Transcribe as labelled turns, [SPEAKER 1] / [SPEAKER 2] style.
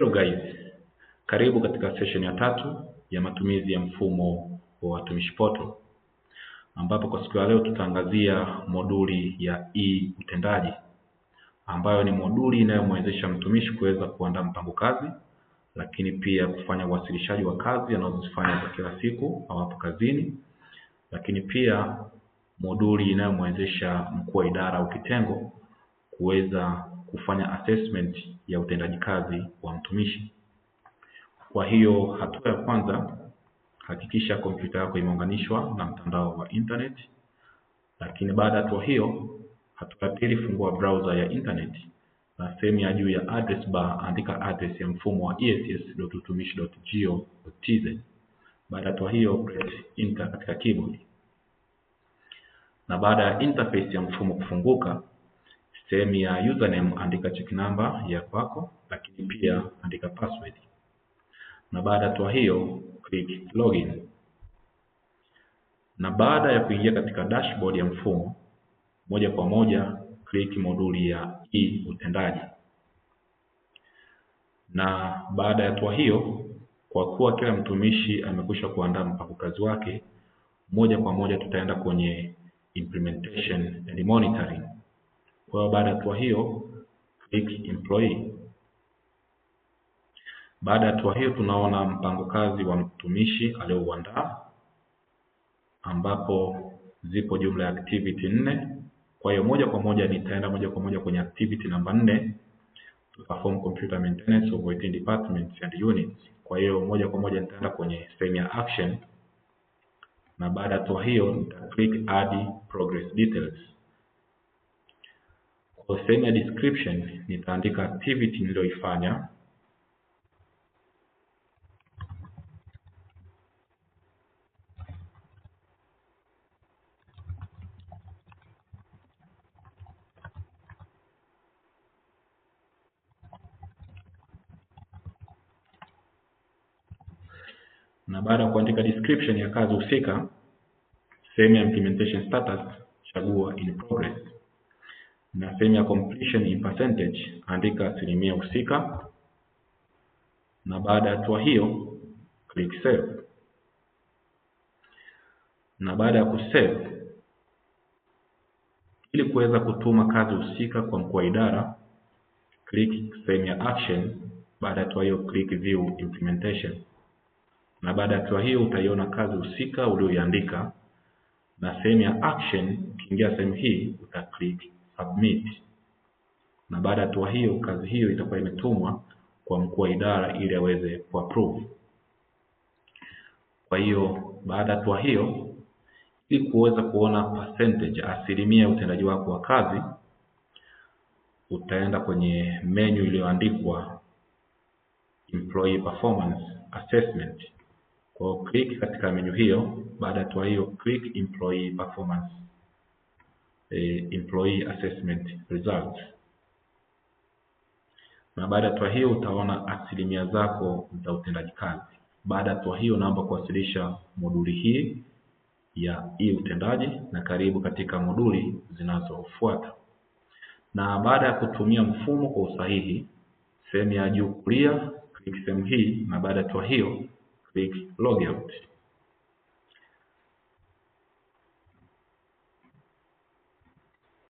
[SPEAKER 1] Hello guys, karibu katika session ya tatu ya matumizi ya mfumo wa watumishi poto, ambapo kwa siku ya leo tutaangazia moduli ya e utendaji, ambayo ni moduli inayomwezesha mtumishi kuweza kuandaa mpango kazi, lakini pia kufanya uwasilishaji wa kazi anazozifanya kwa kila siku au hapo kazini, lakini pia moduli inayomwezesha mkuu wa idara au kitengo kuweza kufanya assessment ya utendaji kazi wa mtumishi. Kwa hiyo hatua ya kwanza, hakikisha kompyuta yako imeunganishwa na mtandao wa internet. Lakini baada ya hatua hiyo, hatua ya pili, fungua browser ya internet na sehemu ya juu ya address bar andika address ya mfumo wa ess.utumishi.go.tz. Baada ya hatua hiyo, press enter katika keyboard. Na baada ya interface ya mfumo kufunguka Sehemu ya username andika check number ya kwako, lakini pia andika password, na baada ya hatua hiyo click login. Na baada ya kuingia katika dashboard ya mfumo, moja kwa moja click moduli ya e utendaji. Na baada ya hatua hiyo, kwa kuwa kila mtumishi amekwisha kuandaa mpango kazi wake, moja kwa moja tutaenda kwenye implementation and monitoring. Kwa hiyo baada ya hatua hiyo click employee. Baada ya hatua hiyo tunaona mpango kazi wa mtumishi aliouandaa ambapo zipo jumla ya activity nne. Kwa hiyo moja kwa moja nitaenda moja kwa moja kwenye activity namba nne to perform computer maintenance of IT departments and units. Kwa hiyo moja kwa moja nitaenda kwenye sehemu ya action na baada ya hatua hiyo nita click add progress details. For sehemu ya description nitaandika activity niliyoifanya na baada ya kuandika description ya kazi husika, sehemu ya implementation status, chagua in progress na sehemu ya completion in percentage andika asilimia husika, na baada ya hatua hiyo click save. Na baada ya kusave, ili kuweza kutuma kazi husika kwa mkuu wa idara click sehemu ya action. Baada ya hatua hiyo click view implementation, na baada ya hatua hiyo utaiona kazi husika ulioiandika na sehemu ya action. Ukiingia sehemu hii uta click submit na baada ya hatua hiyo kazi hiyo itakuwa imetumwa kwa mkuu wa idara ili aweze kuapprove. Kwa hiyo baada ya hatua hiyo, ili kuweza kuona percentage, asilimia ya utendaji wako wa kazi, utaenda kwenye menu iliyoandikwa employee performance assessment. Kwa hiyo click katika menu hiyo. Baada ya hatua hiyo, click employee performance Eh, employee assessment results. Na baada ya hatua hiyo utaona asilimia zako za utendaji kazi. Baada ya hatua hiyo, naomba kuwasilisha moduli hii ya hii utendaji na karibu katika moduli zinazofuata. Na baada ya kutumia mfumo kwa usahihi, sehemu ya juu kulia, click sehemu hii, na baada ya hatua hiyo click logout.